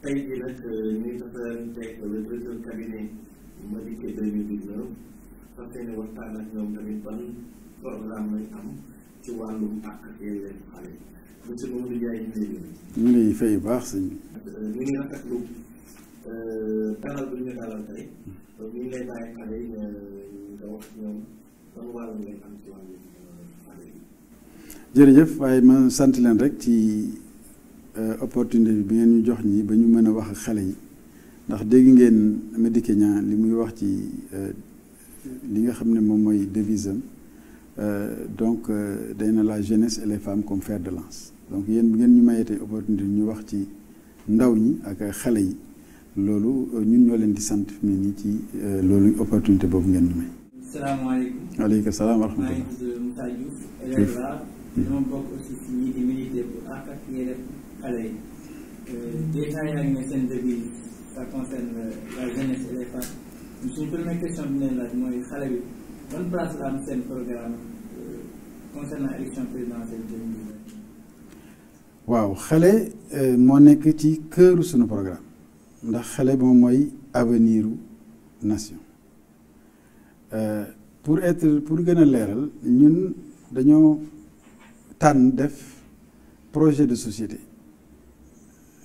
tey jii nag euh, ñu tasaanteeg le directeur cabinet Madické 2019 fas yéene ñoom tamit ban programme lañ am ci wàllum ak yeneen xale monsieur Mamadou Ndiaye ñu ngi ñu baax sëñ bi. Euh, ñu ngi euh, nga wax ñoom ban wàll waaye ma sant leen rek ci. Euh, opportunité bi ngeen ñu jox ñi ba ñu mën a wax ak xale yi ndax dégg ngeen Madické Niang li muy wax ci euh, li nga xam ne moom mooy devise am euh, donc day na la jeunesse et les femmes comme fer de lance donc yéen bu ngeen ñu mayetee opportunité ñu wax ci ndaw ñi ak xale yi loolu ñun ñoo leen di sant fi mu nii ci loolu opportunité boobu ngeen ñu may. salaamaaleykum. waaleykum salaam wa rahmatulah. maa ngi tudd Moussa Diouf. élève la. Hmm. bokk aussi ci ñi di militer bu àq ak yelleef Allez, euh, détail ak ne seen devise ça concerne euh, la jeunesse et les femmes suñu première question bi leen laaj mooy xale bi bonne place la am seen programme euh, concernant élection présidentielle 2019 waaw xale moo nekk ci këru suñu programme ndax xale moom mooy avenir u nation pour être pour gën a leeral ñun dañoo tànn def projet de société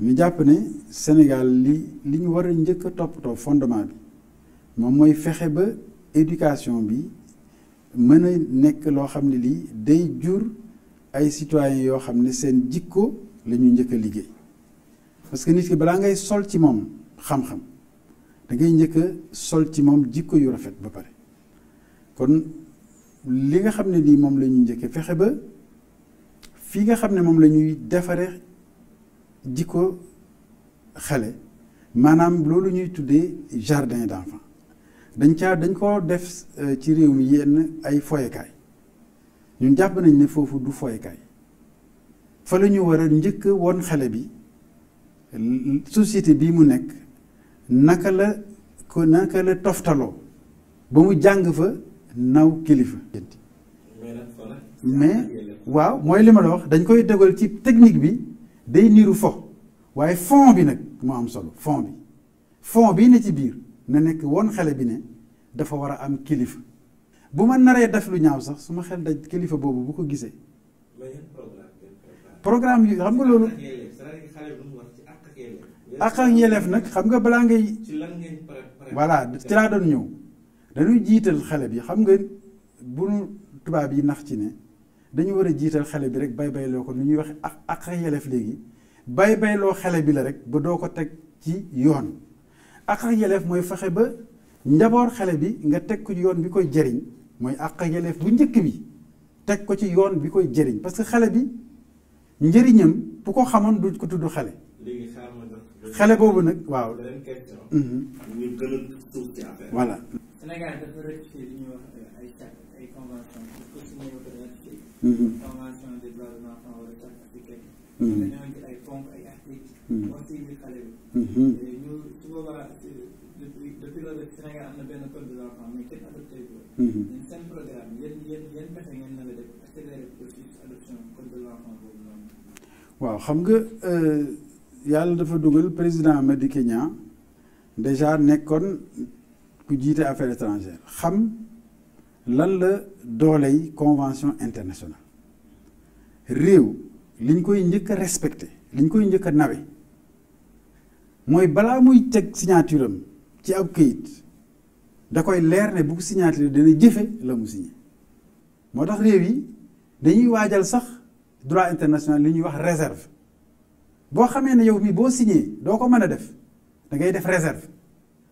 ñu jàpp ne Sénégal li li ñu war a njëkk a fondement bi moom mooy fexe ba éducation bi mën a nekk loo xam ne jur ay citoyens yoo xam ne seen jikko la ñu njëkk liggéey parce que nit ki balaa ngay sol ci moom xam-xam da ngay njëkk sol ci moom jikko yu rafet ba pare kon li nga xam ne lii moom la ñu njëkkee fexe ba fii nga xam ne moom la ñuy defaree diko xalé manam loolu ñuy un jardin d'enfants dañ dañ ko def euh, ci réew mi yenn ay foyekaay ñun nañ du société mu nekk naka la ko naka la toftalo ba mu jàng fa naw kilifa. mais waaw li ma wax dañ technique day niru fo waye fond bi nak mo am solo fond bi fond bi ne ci bir na nek won xale bi ne dafa wara am kilifa bu ma naree def lu ñaaw sax suma xel da kilifa bobu bu ko gisé programme yi xam nga lolu ak ak yelef nak xam nga balaa ngay. voilà ci la doon ñëw. da ñu jital xale bi xam nga bu tuba bi nax ci ne. dañu war a jiital xale bi rek bay bayloo ko nu ñuy wax ak ak yelef léegi bay bayloo loo xale bi la rek ba doo ko teg ci yoon ak yelef mooy fexe ba njaboot xale bi nga teg ko ci yoon bi koy jariñ mooy ak bu njëkk bi teg ko ci yoon bi koy jëriñ parce que xale bi njëriñam bu ko xamoon du ko tudd xale. léegi xale boobu nag waaw. beneen Sénégal dafa waaw xam nga euh, yàlla dafa dugal président Madické Niang déjà nekkoon ku jiite affaires étrangères xam lan la dooley convention internationale réew liñ koy njëkk a respecté liñ koy njëkk nawe mooy balaa muy teg signature am ci ab këyit da koy leer ne bu signature dina jëfe la mu signé moo tax réew yi dañuy waajal sax droit international li wax réserve boo xamee ne yow mi boo signé doo ko mën a def da ngay def réserve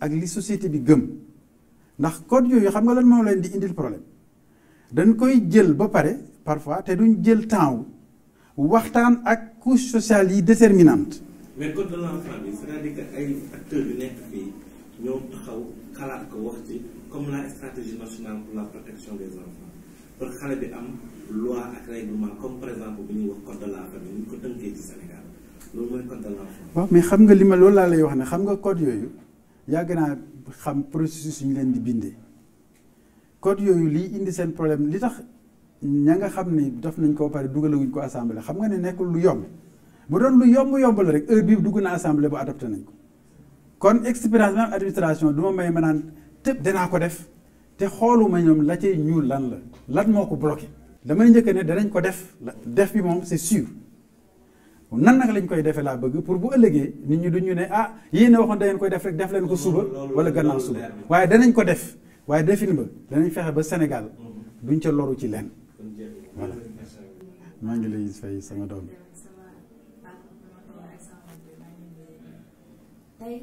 ak li société bi gëm ndax code yooyu xam nga lan moo leen di indil problème dañ koy jël ba pare parfois te duñ jël temps waxtaan ak couche sociale yi déterminante. mais code de l'enfant bi c'est-à-dire que ay acteurs yu nekk fii ñoo taxaw xalaat ko wax ci comme la stratégie nationale pour la protection des enfants pour xale bi am loi ak règlement comme par exemple bu ñuy wax code de la famille ñu ko tënkee ci Sénégal loolu mooy code de l'enfant. waaw xam nga li ma loolu laa lay wax ne xam nga code yooyu. yàgg naa xam processus ñu leen di bindé code yoyu li indi sen problème li tax ña nga xam ni daf nañ ko pare dugalaguñ ko assemblée xam nga ne nekkul lu yomb bu doon lu yomb yomb la rek heure bi dugg na assemblée ba adopté nañ ko kon expérience même administration duma may ma naan dina ko def te xooluma ñom la cay ñu lan la lan moko ko bloqué damay njëkk ne dañ ko def def bi mom c'est sûr nan nag lañ koy defee laa bëgg pour bu ëllëgee nit ñi duñu ne ah yéen a waxoon da ngeen koy def rek def leen ko suba wala gannaaw suba waaye danañ ko def waaye defin ba danañ fexe ba senegal mm-hmm. duñ ca loru ci leen voilà maa ngi lay fay sama doom tey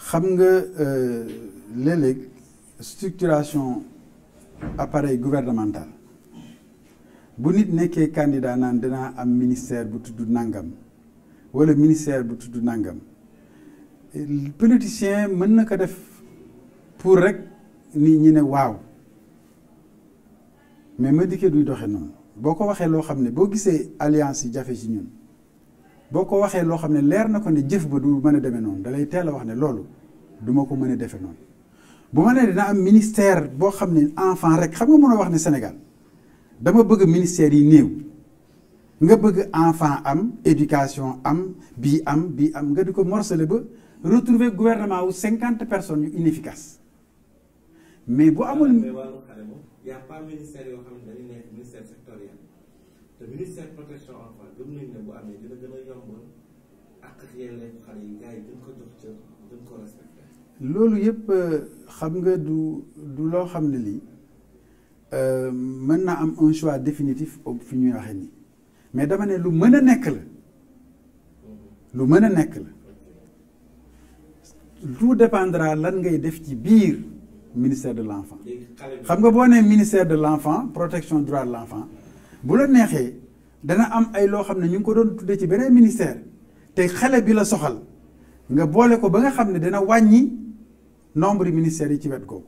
xam nga euh, léeg-léeg structuration appareil gouvernemental bu nit nekkee candidat naan dinaa am ministère bu tudd nangam wala ministère bu tudd nangam politicien mën na ko def pour rek nit ñi ne waaw mais ma dikkee duy doxe noonu boo ko waxee loo xam ne boo gisee alliance yi jafe ci ñun boko waxé lo xamné lér ne leer na ko ne jëf ba du mëna démé non dalay teel wax né loolu duma ko mëna défé non bu ma nee dina am ministère bo xamné enfant rek xam nga mën wax né Sénégal dama bëgg ministère yi néew nga bëgg enfant am éducation am bi am bi am nga diko morcelé ba retrouver gouvernement wu 50 personnes yu inefficace mais bu amul. il y a pas ministère yo xamné ne dañu nekk ministère sectoriel le ministère protection enfant gëm nañ ne bu amee dina gën a yombal ak yelleef xale yi gars yi gën ko jox cër gën ko respecté. loolu yëpp euh, xam nga du du loo xam ne lii euh, mën na am un choix définitif fi ñuy waxee nii mais dama ne lu mën a nekk la lu mën a nekk la lu dépendra lan ngay def ci biir ministère de l'enfant xam nga bo né ministère de l'enfant enfant protection droit de l'enfant bu la neexee dana am ay loo xam ne ñu ngi ko doon tuddee ci beneen ministère te xale bi la soxal nga boole ko ba nga xam ne dana wàññi nombre ministères yi ci wet googu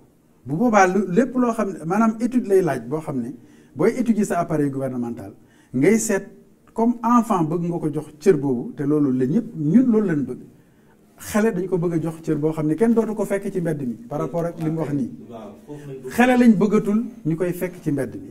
bu boobaa lu lépp loo xam ne maanaam étude lay laaj boo xam ne booy étudier sa appareil gouvernemental ngay seet comme enfant bëgg nga ko jox cër boobu te loolu la ñëpp ñun loolu lañ bëgg xale dañ ko bëgg a jox cër boo xam ne kenn dootu ko fekk ci mbedd mi par rapport ak li mu wax bëggatul ñu koy fekk ci mbedd mi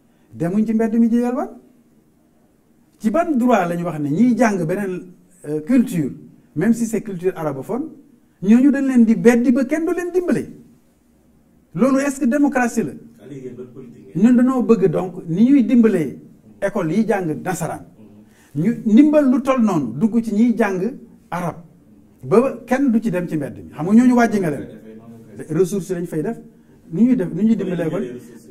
demuñ ci mbedd mi ji yelwaan ci ban droit la ñu wax ne ñiy jàng beneen euh, culture même si c'est culture arabophone ñooñu dañ leen di beddi ba kenn du leen dimbale loolu est-ce que démocratie la ñun dañoo bëgg donc ni ñuy dimbalee école yi jàng nasaraan ñu ndimbal lu toll noonu dugg ci ñiy jàng arab ba kenn du ci dem ci mbedd mi xam nga ñooñu wàjji nga leen ressources lañ fay def nu ñuy def ni ñuy dimbalee école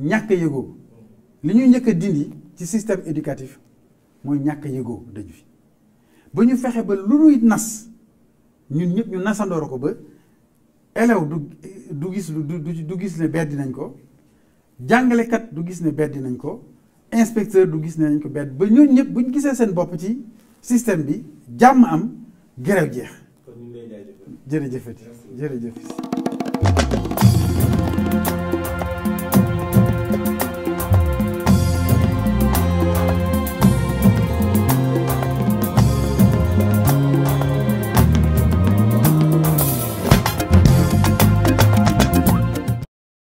ñàkk yego liñu dindi ci système éducatif Nous sommes yëgoo dëj fi ne nous ba nas ñun ñëpp ñu nasandoro ko ba élève du du gis du du gis nañ ko kat du gis né nañ ko inspecteur du gis ne nañ ko nous ba ñooñu ñëpp seen ci système bi am grève jeex. jërëjëfëti